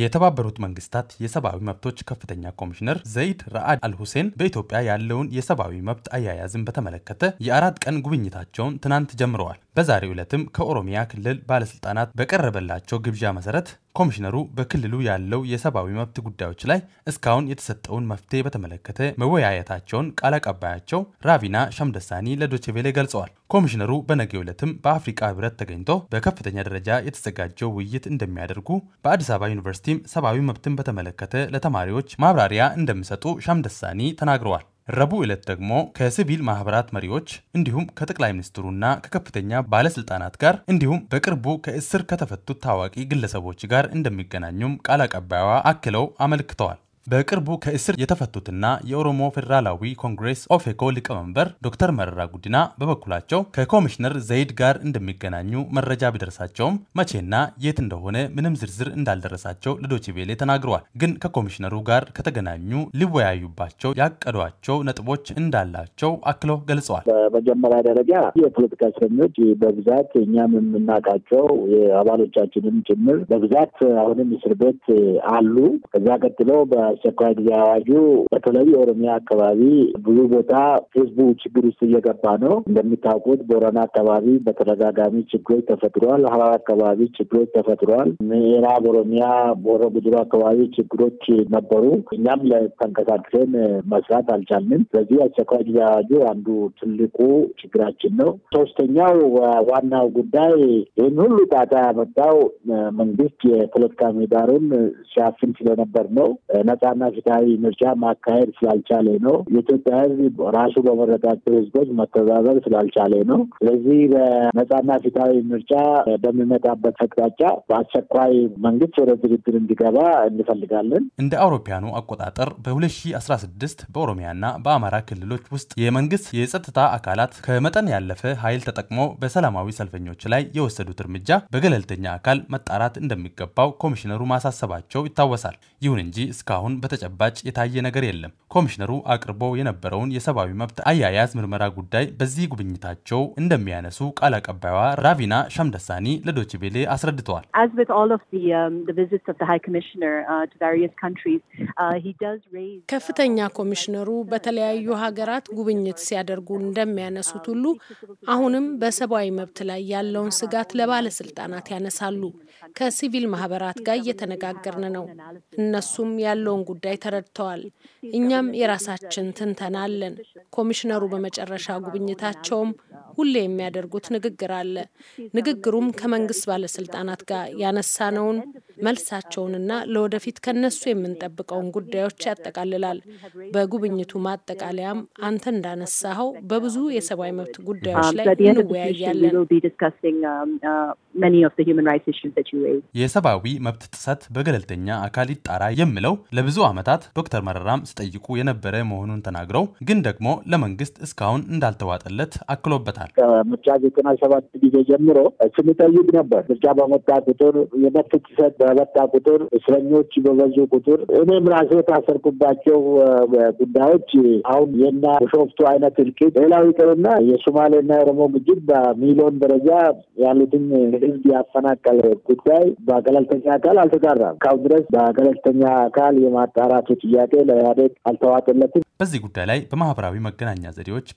የተባበሩት መንግስታት የሰብአዊ መብቶች ከፍተኛ ኮሚሽነር ዘይድ ራአድ አልሁሴን በኢትዮጵያ ያለውን የሰብአዊ መብት አያያዝን በተመለከተ የአራት ቀን ጉብኝታቸውን ትናንት ጀምረዋል። በዛሬው ዕለትም ከኦሮሚያ ክልል ባለስልጣናት በቀረበላቸው ግብዣ መሰረት ኮሚሽነሩ በክልሉ ያለው የሰብአዊ መብት ጉዳዮች ላይ እስካሁን የተሰጠውን መፍትሄ በተመለከተ መወያየታቸውን ቃል አቀባያቸው ራቪና ሸምደሳኒ ለዶችቬሌ ገልጸዋል። ኮሚሽነሩ በነገው ዕለትም በአፍሪካ ህብረት ተገኝቶ በከፍተኛ ደረጃ የተዘጋጀው ውይይት እንደሚያደርጉ፣ በአዲስ አበባ ዩኒቨርሲቲም ሰብአዊ መብትን በተመለከተ ለተማሪዎች ማብራሪያ እንደሚሰጡ ሸምደሳኒ ተናግረዋል። ረቡዕ ዕለት ደግሞ ከሲቪል ማህበራት መሪዎች እንዲሁም ከጠቅላይ ሚኒስትሩና ከከፍተኛ ባለስልጣናት ጋር እንዲሁም በቅርቡ ከእስር ከተፈቱት ታዋቂ ግለሰቦች ጋር እንደሚገናኙም ቃል አቀባይዋ አክለው አመልክተዋል። በቅርቡ ከእስር የተፈቱትና የኦሮሞ ፌዴራላዊ ኮንግሬስ ኦፌኮ ሊቀመንበር ዶክተር መረራ ጉዲና በበኩላቸው ከኮሚሽነር ዘይድ ጋር እንደሚገናኙ መረጃ ቢደርሳቸውም መቼና የት እንደሆነ ምንም ዝርዝር እንዳልደረሳቸው ለዶችቬሌ ተናግረዋል። ግን ከኮሚሽነሩ ጋር ከተገናኙ ሊወያዩባቸው ያቀዷቸው ነጥቦች እንዳላቸው አክለው ገልጸዋል። በመጀመሪያ ደረጃ የፖለቲካ እስረኞች በብዛት እኛም የምናውቃቸው የአባሎቻችንም ጭምር በብዛት አሁንም እስር ቤት አሉ። ከዛ ቀጥሎ የአስቸኳይ ጊዜ አዋጁ በተለይ ኦሮሚያ አካባቢ ብዙ ቦታ ህዝቡ ችግር ውስጥ እየገባ ነው። እንደሚታወቁት ቦረና አካባቢ በተደጋጋሚ ችግሮች ተፈጥሯል። ሀራር አካባቢ ችግሮች ተፈጥሯል። ምዕራብ ኦሮሚያ ቦሮ ጉድሩ አካባቢ ችግሮች ነበሩ። እኛም ለተንቀሳቅሰን መስራት አልቻልንም። ስለዚህ አስቸኳይ ጊዜ አዋጁ አንዱ ትልቁ ችግራችን ነው። ሶስተኛው ዋናው ጉዳይ ይህን ሁሉ ጣጣ ያመጣው መንግስት የፖለቲካ ምህዳሩን ሲያፍን ስለነበር ነው። ነጻ ነጻና ፍትሐዊ ምርጫ ማካሄድ ስላልቻለ ነው። የኢትዮጵያ ሕዝብ ራሱ በመረጣቸው ሕዝቦች መተዛዘብ ስላልቻለ ነው። ስለዚህ በነጻና ፍትሐዊ ምርጫ በሚመጣበት አቅጣጫ በአስቸኳይ መንግስት ወደ ድርድር እንዲገባ እንፈልጋለን። እንደ አውሮፓያኑ አቆጣጠር በ2016 በኦሮሚያና በአማራ ክልሎች ውስጥ የመንግስት የጸጥታ አካላት ከመጠን ያለፈ ኃይል ተጠቅሞ በሰላማዊ ሰልፈኞች ላይ የወሰዱት እርምጃ በገለልተኛ አካል መጣራት እንደሚገባው ኮሚሽነሩ ማሳሰባቸው ይታወሳል። ይሁን እንጂ እስካሁን እስካሁን በተጨባጭ የታየ ነገር የለም። ኮሚሽነሩ አቅርቦ የነበረውን የሰብአዊ መብት አያያዝ ምርመራ ጉዳይ በዚህ ጉብኝታቸው እንደሚያነሱ ቃል አቀባይዋ ራቪና ሻምደሳኒ ለዶችቤሌ አስረድተዋል። um, uh, uh, ከፍተኛ ኮሚሽነሩ በተለያዩ ሀገራት ጉብኝት ሲያደርጉ እንደሚያነሱት ሁሉ አሁንም በሰብአዊ መብት ላይ ያለውን ስጋት ለባለስልጣናት ያነሳሉ። ከሲቪል ማህበራት ጋር እየተነጋገርን ነው። እነሱም ያለው ያለውን ጉዳይ ተረድተዋል። እኛም የራሳችን ትንተና አለን። ኮሚሽነሩ በመጨረሻ ጉብኝታቸውም ሁሌ የሚያደርጉት ንግግር አለ። ንግግሩም ከመንግስት ባለስልጣናት ጋር ያነሳነውን መልሳቸውንና ለወደፊት ከነሱ የምንጠብቀውን ጉዳዮች ያጠቃልላል። በጉብኝቱ ማጠቃለያም አንተ እንዳነሳኸው በብዙ የሰብአዊ መብት ጉዳዮች ላይ um, እንወያያለን። um, uh, የሰብአዊ መብት ጥሰት በገለልተኛ አካል ይጣራ የምለው ለብዙ ዓመታት ዶክተር መረራም ሲጠይቁ የነበረ መሆኑን ተናግረው ግን ደግሞ ለመንግስት እስካሁን እንዳልተዋጠለት አክሎበታል። ከምርጫ ዘጠና ሰባት ጊዜ ጀምሮ ስንጠይቅ ነበር። ምርጫ በመጣ ቁጥር የመብት ጥሰት በመጣ ቁጥር እስረኞች በበዙ ቁጥር እኔም ራሴ የታሰርኩባቸው ጉዳዮች አሁን የና ሾፍቱ አይነት እልቂት ሌላው ይቅርና የሶማሌና የኦሮሞ ግጭት በሚሊዮን ደረጃ ያሉትን ህዝብ ያፈናቀለ ጉዳይ በገለልተኛ አካል አልተጣራም። እስካሁን ድረስ በገለልተኛ አካል የማጣራቱ ጥያቄ ለኢህአዴግ አልተዋጠለትም። በዚህ ጉዳይ ላይ በማህበራዊ መገናኛ ዘዴዎች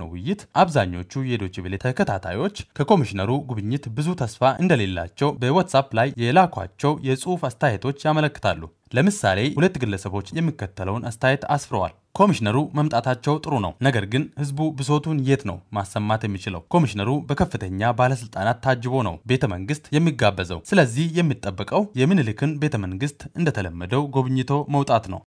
ነው ውይይት አብዛኞቹ የዶች ቤሌ ተከታታዮች ከኮሚሽነሩ ጉብኝት ብዙ ተስፋ እንደሌላቸው በዋትሳፕ ላይ የላኳቸው የጽሑፍ አስተያየቶች ያመለክታሉ። ለምሳሌ ሁለት ግለሰቦች የሚከተለውን አስተያየት አስፍረዋል። ኮሚሽነሩ መምጣታቸው ጥሩ ነው፣ ነገር ግን ህዝቡ ብሶቱን የት ነው ማሰማት የሚችለው? ኮሚሽነሩ በከፍተኛ ባለስልጣናት ታጅቦ ነው ቤተ መንግስት የሚጋበዘው። ስለዚህ የሚጠበቀው የምኒልክን ቤተ መንግስት እንደተለመደው ጎብኝቶ መውጣት ነው።